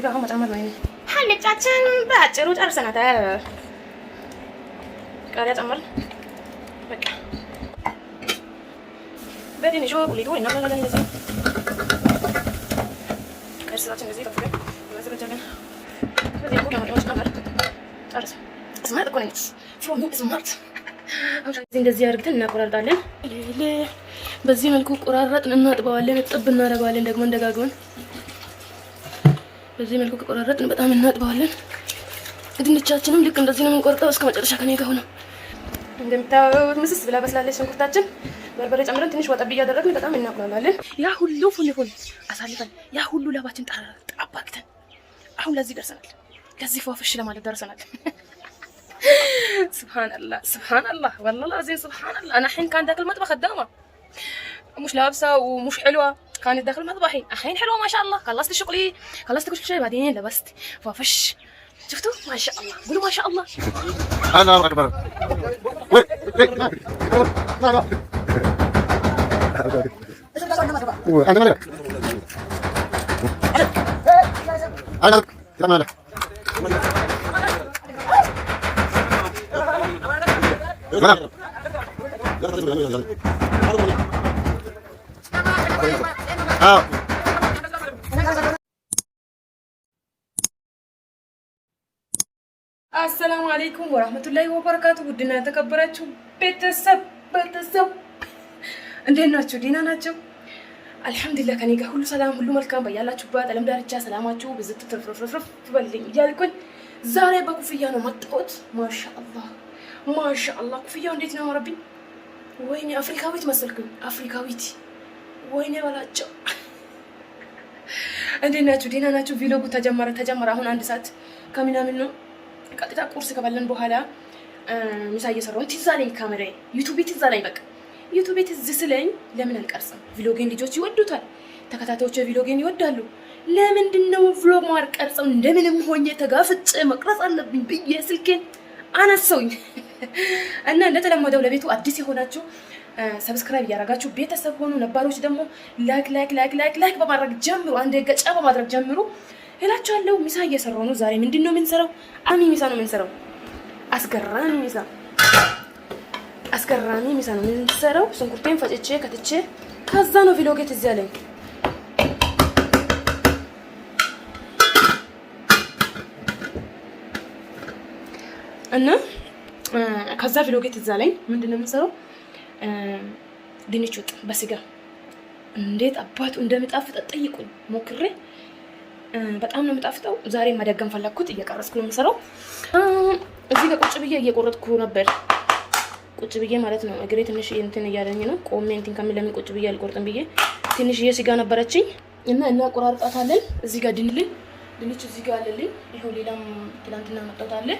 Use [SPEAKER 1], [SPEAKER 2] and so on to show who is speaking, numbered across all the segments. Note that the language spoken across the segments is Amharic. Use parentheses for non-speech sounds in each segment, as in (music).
[SPEAKER 1] እዚህ ጋር አሁን መጨመር ነው። ሀልጫችን በአጭሩ ጨርሰናታል። ቃሪያ ጨምር በቃ በትንሹ ሊጡ እናደርጋለን። እንደዚህ እርሳችን እንደዚህ ጠፍገን እናዘጋጃለን። በዚህ ሁሉ ለማድረግ ነበር ጨርሰ ስማርት እኮ ነች። ፍሮም ስማርት እንደዚህ አድርግተን እናቆራርጣለን። በዚህ መልኩ ቆራረጥን፣ እናጥበዋለን፣ ጥብ እናደርገዋለን ደግሞ እንደጋግመን በዚህ መልኩ ከቆራረጥን በጣም እናጥበዋለን። ድንቻችንም ልክ እንደዚህ ነው የምንቆርጠው። እስከ መጨረሻ ከኔ ጋር ነው። እንደምታዩት ምስስ ብላ በስላለች ሽንኩርታችን በርበሬ ጨምረን ትንሽ ወጠብ እያደረግን በጣም እናቁላላለን። ያ ሁሉ ፉል ፉል አሳልፈን ያ ሁሉ ላባችን ጣባክተን አሁን ለዚህ ደርሰናል። ለዚህ ፏፍሽ ለማለት ደርሰናል። ስብሓንላህ ስብሓንላህ ወላሂ ዚን ስብሓንላህ ኣና ሕን ካንዳክል መጥበ ከዳማ ሙሽ ላብሳ ሙሽ ሕልዋ كانت داخل مطبخي الحين حلوه ما شاء الله خلصت شغلي خلصت كل شيء بعدين لبست ففش شفتوا ما شاء الله قولوا ما شاء الله انا اكبر انا انا انا انا انا انا አሰላሙ አሌይኩም ወራህመቱላሂ ወበረካቱ። ውድና የተከበራችሁ ቤተሰብ ቤተሰብ እንዴት ናችሁ? ደህና ናቸው? አልሐምዱሊላህ ከኔ ጋር ሁሉ ሰላም፣ ሁሉ መልካም። በያላችሁበት አለም ዳርቻ ሰላማችሁ ብዙ ትትርፍርፍርፍ ትበልልኝ እያልኩኝ ዛሬ በኩፍያ ነው መጣሁት። ማሻአላህ ማሻአላህ። ኩፍያው እንዴት ነው አረብኝ? ወይኔ አፍሪካዊት መሰልኩኝ፣ አፍሪካዊት ወይኔ በላቸው። እንዴት ናችሁ? ደህና ናችሁ? ቪሎጉ ተጀመረ ተጀመረ። አሁን አንድ ሰዓት ከምናምን ነው። ቀጥታ ቁርስ ከበለን በኋላ ምሳ እየሰራሁ ትዝ አለኝ ካሜራዬ፣ ዩቱቤ ትዝ አለኝ። በቃ ዩቱቤ ትዝ ስለኝ ለምን አልቀርጽም? ቪሎጌን ልጆች ይወዱታል፣ ተከታታዮች ቪሎጌን ይወዳሉ። ለምንድን ነው ቪሎግ ማር ቀርጸው እንደምንም ሆኜ ተጋፍጬ መቅረጽ አለብኝ ብዬ ስልኬን አነሰውኝ እና እንደተለመደው ለቤቱ አዲስ የሆናችሁ ሰብስክራይብ እያደረጋችሁ ቤተሰብ ሆኑ። ነባሮች ደግሞ ላይክ ላይክ ላይክ ላይክ ላይክ በማድረግ ጀምሩ። አንድ ገጫ በማድረግ ጀምሩ እላችኋለሁ። ሚሳ እየሰራሁ ነው። ዛሬ ምንድን ነው የምንሰራው? አሚ ሚሳ ነው የምንሰራው። አስገራሚ ሚሳ አስገራሚ ሚሳ ነው የምንሰራው። ሽንኩርቴን ፈጭቼ ከትቼ ከዛ ነው ቪሎጌ ትዝ ያለኝ። እና ከዛ ቪሎጌ ትዝ አለኝ። ምንድን ነው የምንሰራው ድንች ወጥ በስጋ እንዴት አባቱ እንደሚጣፍጥ ጠይቁኝ። ሞክሬ በጣም ነው የሚጣፍጠው። ዛሬ ማደገም ፈለግኩት። እየቀረጽኩ ነው የምሰራው። እዚህ ጋር ቁጭ ብዬ እየቆረጥኩ ነበር። ቁጭ ብዬ ማለት ነው። እግሬ ትንሽ እንትን እያለኝ ነው። ቆሜ እንትን ከሚለምን ቁጭ ብዬ አልቆርጥም ብዬ ትንሽዬ ስጋ ነበረችኝ እና እና ቆራርጣታለን። እዚህ ጋር ድንል ድንች እዚህ ጋር አለልኝ። ይኸው ሌላም ትላንትና መጣሁት አለ።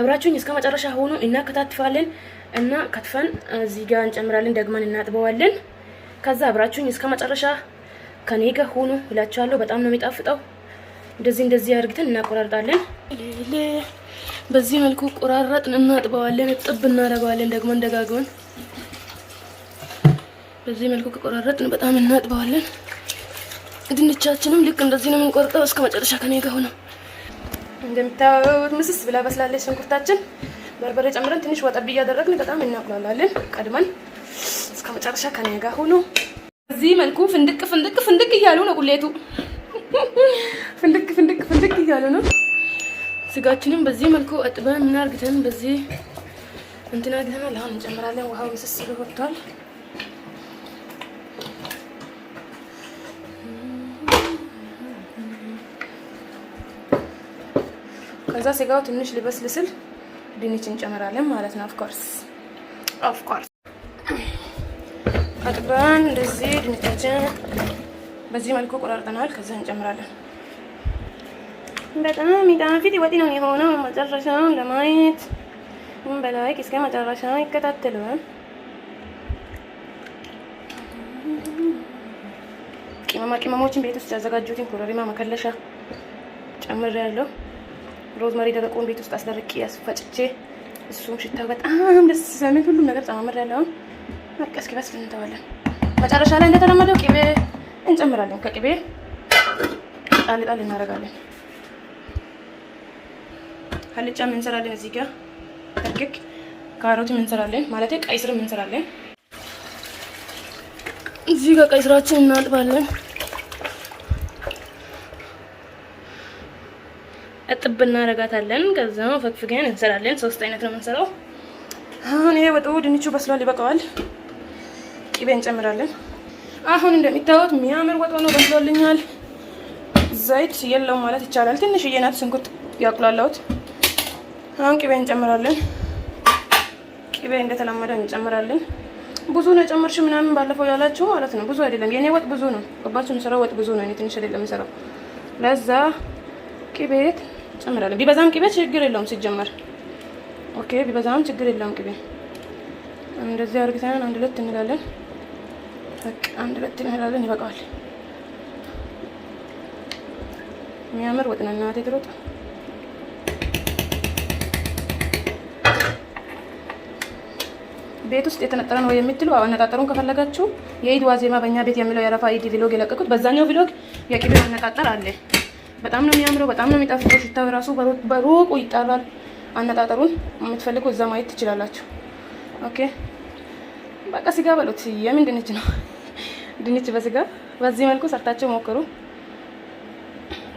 [SPEAKER 1] አብራችሁኝ እስከ መጨረሻ ሆኖ እናከታትፋለን። እና ከትፈን እዚህ ጋር እንጨምራለን። ደግመን እናጥበዋለን። ከዛ አብራችሁኝ እስከ መጨረሻ ከኔ ጋር ሁኑ እላችኋለሁ። በጣም ነው የሚጣፍጠው። እንደዚህ እንደዚህ አድርግተን እናቆራርጣለን። በዚህ መልኩ ቆራረጥን፣ እናጥበዋለን፣ እጥብ እናደርገዋለን። ደግሞ ደጋግመን በዚህ መልኩ ከቆራረጥን በጣም እናጥበዋለን። ድንቻችንም ልክ እንደዚህ ነው የምንቆርጠው። እስከ መጨረሻ ከኔ ጋር ሁኑ። እንደምታዩት ምስስ ብላ በስላለች ሽንኩርታችን በርበሬ ጨምረን ትንሽ ወጠብ እያደረግን በጣም እናቁላላለን። ቀድመን እስከ መጨረሻ ከኔ ጋር ሆኖ በዚህ መልኩ ፍንድቅ ፍንድቅ ፍንድቅ እያሉ ነው። ቁሌቱ ፍንድቅ ፍንድቅ ፍንድቅ እያሉ ነው። ስጋችንም በዚህ መልኩ አጥበን ምን አርግተን በዚህ እንትና አርግተናል። አሁን እንጨምራለን። ውሃው ምስስሉ ወጥቷል። ከዛ ስጋው ትንሽ ሊበስል ስል ድንች እንጨምራለን ማለት ነው። ኦፍኮርስ ኦፍኮርስ አጥበን እንደዚህ ድንቻችን በዚህ መልኩ ቆራርጠናል። ከዛ እንጨምራለን። በጣም የሚጣፍጥ ወጥ ነው የሆነው። መጨረሻውን ለማየት በላይክ እስከ መጨረሻ ይከታተሉ። ቅመማ ቅመሞችን ቤት ውስጥ ያዘጋጁትን ኮረሪማ መከለሻ ጨምሬያለሁ። ሮዝመሪ ደረቁን ቤት ውስጥ አስደርቄ ያስፈጭቼ እሱም ሽታው በጣም ደስ ስለሚል ሁሉም ነገር ጨማምር ያለው በቃ እስኪበስል እንተዋለን። መጨረሻ ላይ እንደተለመደው ቅቤ እንጨምራለን። ከቅቤ ጣል ጣል እናደርጋለን። አልጫም እንሰራለን። እዚህ ጋር እርግግ ካሮትም እንሰራለን ማለት ቀይ ስርም እንሰራለን። እዚህ ጋር ቀይ ስራችን እናጥባለን። እጥብ እናደርጋታለን። ከዛ ፈግፍገን እንሰራለን። ሶስት አይነት ነው የምንሰራው። አሁን ይሄ ወጡ ድንቹ በስሏል፣ ይበቃዋል። ቂቤ እንጨምራለን። አሁን እንደሚታዩት የሚያምር ወጥ ነው በስሎልኛል። ዘይት የለውም ማለት ይቻላል። ትንሽዬ ናት ስንኩት ያቁላላሁት። አሁን ቂቤ እንጨምራለን። ቂቤ እንደተለመደው እንጨምራለን። ብዙ ነው ጨምርሽ ምናምን ባለፈው ያላችሁ ማለት ነው። ብዙ አይደለም የኔ ወጥ ብዙ ነው። ገባችሁ? የምሰራው ወጥ ብዙ ነው። እኔ ትንሽ አይደለም የምሰራው። ለዛ ቂቤት ጨምራለሁ። ቢበዛም ቅቤ ችግር የለውም ሲጀመር። ኦኬ ቢበዛም ችግር የለውም ቅቤ። እንደዚህ አድርገን አንድ ሁለት እንላለን። በቃ አንድ ሁለት እንላለን። ይበቃዋል። የሚያምር ወጥ ነው እናቴ ትሮጥ ቤት ውስጥ የተነጠረ ነው የምትሉ አነጣጠሩን ከፈለጋችሁ የኢድ ዋዜማ በእኛ ቤት የሚለው የአረፋ ኢድ ቪሎግ የለቀቁት በዛኛው ቪሎግ የቅቤ አነጣጠር አለ። በጣም ነው የሚያምረው። በጣም ነው የሚጣፍጠው። ሽታው ራሱ በሩቁ ይጣራል። አነጣጠሩን የምትፈልጉ እዛ ማየት ትችላላችሁ። ኦኬ በቃ ስጋ በሉት። የምን ድንች ነው? (laughs) ድንች በስጋ በዚህ መልኩ ሰርታቸው ሞክሩ።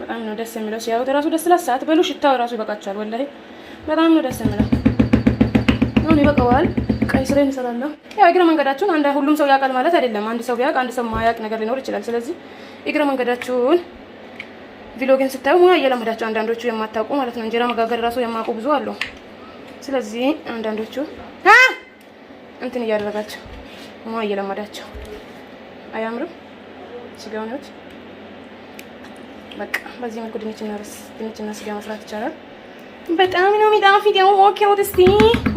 [SPEAKER 1] በጣም ነው ደስ የሚለው። ሲያዩት ራሱ ደስ ላ ሰዓት በሉ። ሽታው ራሱ ይበቃችኋል። ወላሂ በጣም ነው ደስ የሚለው። አሁን ይበቃዋል። ቀይ ስራ እንሰራለሁ። ያው እግረ መንገዳችሁን አንድ ሁሉም ሰው ያውቃል ማለት አይደለም። አንድ ሰው ቢያውቅ አንድ ሰው ማያውቅ ነገር ሊኖር ይችላል። ስለዚህ እግረ መንገዳችሁን ቪሎግን ስታዩ ሙያ እየለመዳቸው አንዳንዶቹ የማታውቁ ማለት ነው። እንጀራ መጋገር ራሱ የማውቁ ብዙ አሉ። ስለዚህ አንዳንዶቹ እንትን እያደረጋቸው ሙያ እየለመዳቸው አያምርም። ስጋውን ይሁት በቃ በዚህ መልኩ ድንችና ስጋ መስራት ይቻላል። በጣም ነው የሚጣፍጥ። ያው ኦኬ ወደስቲ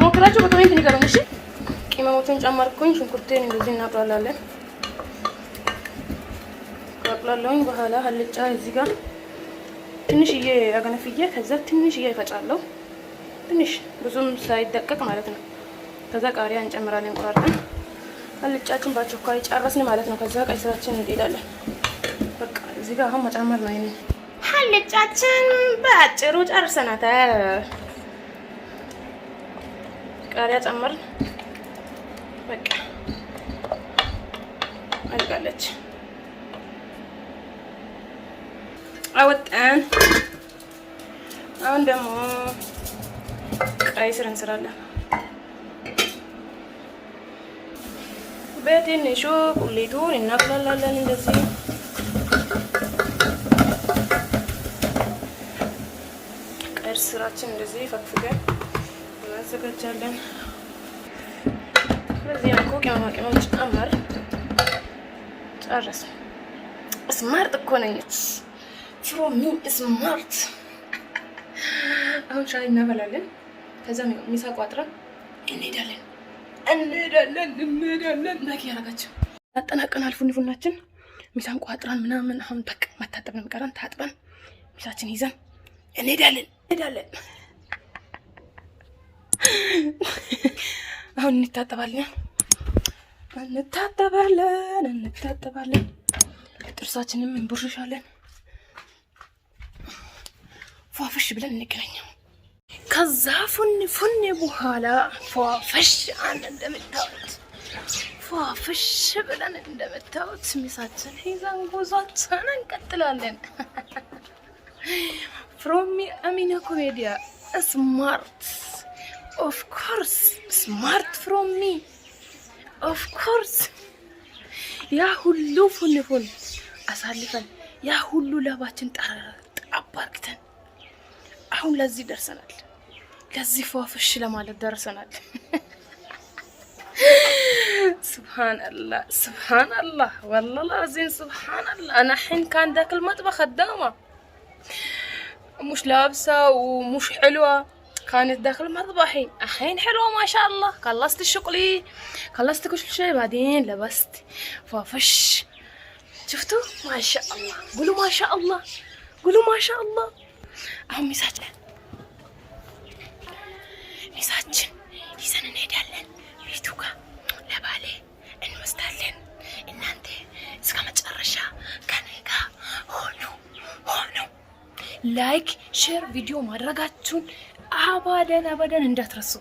[SPEAKER 1] ሞክራችሁ በኮሜንት ንገሩኝ እሺ። ቅመሞቹን ጨመርኩኝ። ሽንኩርቴን እንደዚህ እናጥራላለን። ካጥላለሁኝ በኋላ ሀልጫ እዚህ ጋር ትንሽዬ አገነፍዬ ከዛ ትንሽዬ ይፈጫለሁ። ትንሽ ብዙም ሳይደቀቅ ማለት ነው። ከዛ ቃሪያ እንጨምራለን እንቆራርጠን። አልጫችን በአቸኳይ ጨረስን ማለት ነው። ከዛ ቀይ ስራችን እንሄዳለን። በቃ እዚህ ጋር አሁን መጨመር ነው። ይሄን አልጫችን በአጭሩ ጨርሰናታል። ቃሪያ ጨምር። በቃ አልቃለች። አወጣን። አሁን ደግሞ ቀይ ስር እንስራለን። በትንሹ ቁሌቱን እናቁላላለን እንደዚህ ቀይ ስራችን እንደዚህ ፈግፍገን እናዘጋጃለን። በዚህ መልኩ ቅመማ ቅመም ጨመር ጨረስን። ስማርት እኮ ነኝ። ፍሮ ሚ ስማርት አሁን ሻይ እናበላለን። ከዛ ሚሳ ቋጥረን እንሄዳለን እንሄዳለን እንሄዳለን ናኪ ያረጋቸው አጠናቀናል። ፉኒ ፉናችን ሚሳን ቋጥረን ምናምን አሁን በቃ መታጠብ ነው የሚቀረን። ታጥበን ሚሳችን ይዘን እንሄዳለን እንሄዳለን። አሁን እንታጠባለን እንታጠባለን እንታጠባለን። ጥርሳችንም እንቦርሻለን ፏፈሽ ብለን እንገናኘው ከዛ ፉን ፉን በኋላ ፏፈሽ አንድ እንደምታዩት ፏፈሽ ብለን እንደምታዩት ሚሳችን ይዘን ጉዟችን እንቀጥላለን። ፍሮሚ አሚና ኮሜዲያ ስማርት ኦፍ ኮርስ ስማርት ፍሮሚ ኦፍ ኮርስ ያ ሁሉ ፉን ፉን አሳልፈን ያ ሁሉ ላባችን ጣባ አሁን ለዚህ ደርሰናል። ለዚህ ፏፍሽ ለማለት ደርሰናል። سبحان الله سبحان الله والله العظيم سبحان الله أنا حين كان ذاك المطبخ خدامة مش لابسة ومش حلوة كانت داخل مطبخي الحين حلوة ما شاء الله خلصت الشغلي خلصت كل شيء بعدين لبست فافش شفتوا ما شاء الله قولوا ما شاء الله قولوا ما شاء الله አሁን ሚሳችን ሚሳችን ይዘን እንሄዳለን። ቤቱ ጋር ለባሌ እንወስዳለን። እናንተ እስከ መጨረሻ ከኔ ጋር ሆኑ ሆኑ። ላይክ፣ ሼር፣ ቪዲዮ ማድረጋችሁን አባደን አባደን እንዳትረሱ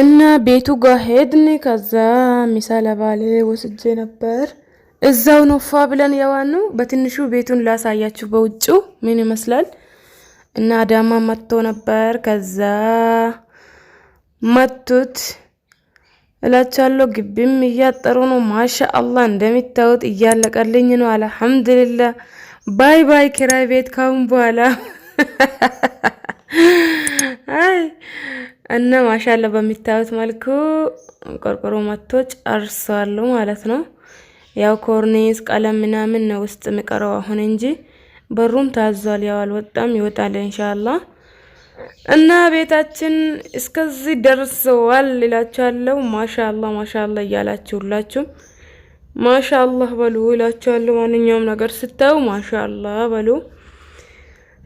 [SPEAKER 1] እና ቤቱ ጋር ሄድን። ከዛ ሚሳ ለባሌ ወስጄ ነበር እዛው ነው ፏ ብለን የዋኑ በትንሹ ቤቱን ላሳያችሁ በውጭ ምን ይመስላል እና አዳማ መጥቶ ነበር። ከዛ መቱት እላቻለሁ። ግቢም እያጠሩ ነው። ማሻ አላህ እንደሚታዩት እያለቀልኝ ነው። አልሐምድልላ። ባይ ባይ ኪራይ ቤት ካሁን በኋላ (laughs) አይ እና ማሻላ በሚታዩት መልኩ ቆርቆሮ መጥቶ ጨርሰዋለሁ ማለት ነው። ያው ኮርኔስ ቀለም ምናምን ነው ውስጥ ምቀረው አሁን እንጂ በሩም ታዟል። ያው አልወጣም፣ ይወጣል እንሻላ እና ቤታችን እስከዚህ ደርሰዋል እላችኋለሁ። ማሻላ ማሻአላ እያላችሁ ሁላችሁም ማሻአላ በሉ እላችኋለሁ። ማንኛውም ነገር ስታዩ ማሻአላ በሉ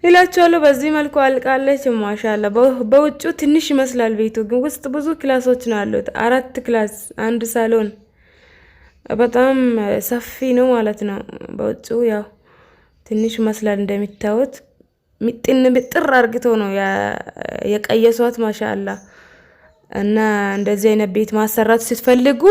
[SPEAKER 1] እላችኋለሁ። በዚህ መልኩ አልቃለች። ማሻአላ በውጭው ትንሽ ይመስላል ቤቱ ግን ውስጥ ብዙ ክላሶች ነው ያሉት። አራት ክላስ አንድ ሳሎን በጣም ሰፊ ነው ማለት ነው። በውጭ ያው ትንሽ መስላል እንደሚታወት ሚጥን ምጥር አርግቶ ነው የቀየሷት። ማሻአላ እና እንደዚህ አይነት ቤት ማሰራት ስትፈልጉ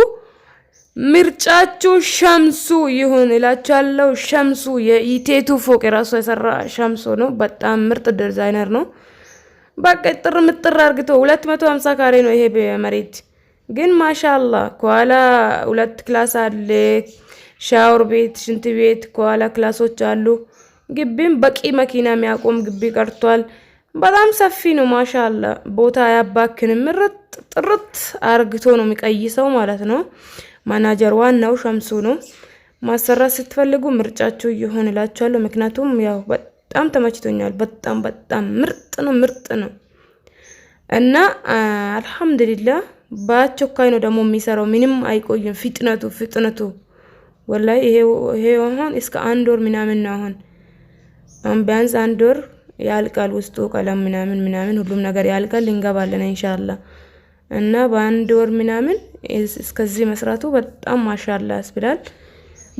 [SPEAKER 1] ምርጫችሁ ሸምሱ ይሁን እላችኋለሁ። ሸምሱ የኢቴቱ ፎቅ የራሱ የሰራ ሸምሱ ነው። በጣም ምርጥ ዲዛይነር ነው። በቃ ጥር ምጥር አርግቶ ሁለት መቶ ሀምሳ ካሬ ነው ይሄ መሬት ግን ማሻላ ከኋላ ሁለት ክላስ አለ፣ ሻወር ቤት፣ ሽንት ቤት ከኋላ ክላሶች አሉ። ግቢም በቂ መኪና የሚያቆም ግቢ ቀርቷል። በጣም ሰፊ ነው። ማሻላ ቦታ ያባክን ምርጥ ጥርት አርግቶ ነው የሚቀይሰው ማለት ነው። ማናጀር ዋናው ሸምሱ ነው። ማሰራት ስትፈልጉ ምርጫችሁ ይሆን ምክንያቱም ያው በጣም ተመችቶኛል። በጣም በጣም ምርጥ ነው፣ ምርጥ ነው እና አልሐምዱሊላህ በአስቸኳይ ነው ደግሞ የሚሰራው። ምንም አይቆይም። ፍጥነቱ ፍጥነቱ ወላይ ይሄ አሁን እስከ አንድ ወር ምናምን ነው። አሁን ቢያንስ አንድ ወር ያልቃል። ውስጡ ቀለም ምናምን ምናምን ሁሉም ነገር ያልቃል። እንገባለን እንሻላ እና በአንድ ወር ምናምን እስከዚህ መስራቱ በጣም ማሻላ ያስብላል።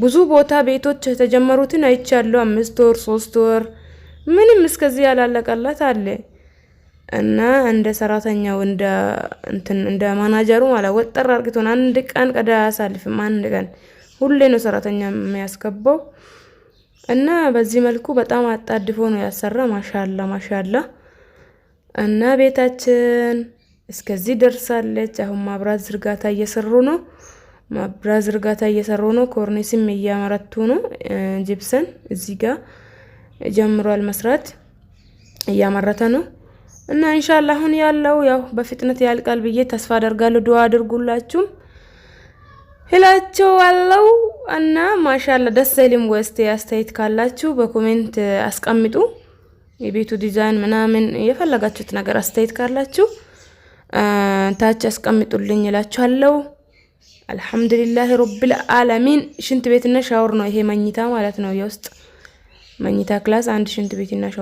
[SPEAKER 1] ብዙ ቦታ ቤቶች የተጀመሩትን አይቻለሁ። አምስት ወር ሶስት ወር ምንም እስከዚህ ያላለቀላት አለ። እና እንደ ሰራተኛው እንደ እንትን እንደ ማናጀሩ ማለት ወጠር አርግቶን አንድ ቀን ቀዳ አያሳልፍም። አንድ ቀን ሁሌ ነው ሰራተኛ የሚያስገባው። እና በዚህ መልኩ በጣም አጣድፎ ነው ያሰራ። ማሻላ ማሻላ። እና ቤታችን እስከዚህ ደርሳለች። አሁን ማብራት ዝርጋታ እየሰሩ ነው። ማብራት ዝርጋታ እየሰሩ ነው። ኮርኒስም እያመረቱ ነው። ጅብሰን እዚህ ጋር ጀምሯል መስራት፣ እያመረተ ነው። እና ኢንሻላ አሁን ያለው ያው በፍጥነት ያልቃል ብዬ ተስፋ አደርጋለሁ። ዱዓ አድርጉላችሁም እላቸዋለሁ። እና ማሻላ ደስ አይልም ወስቴ አስተያየት ካላችሁ በኮሜንት አስቀምጡ። የቤቱ ዲዛይን ምናምን የፈለጋችሁት ነገር አስተያየት ካላችሁ ታች አስቀምጡልኝ እላችኋለሁ። አልሐምዱሊላህ ረብል ዓለሚን። ሽንት ቤትና ሻወር ነው ይሄ መኝታ ማለት ነው። የውስጥ መኝታ ክላስ አንድ ሽንት ቤትና ሻወር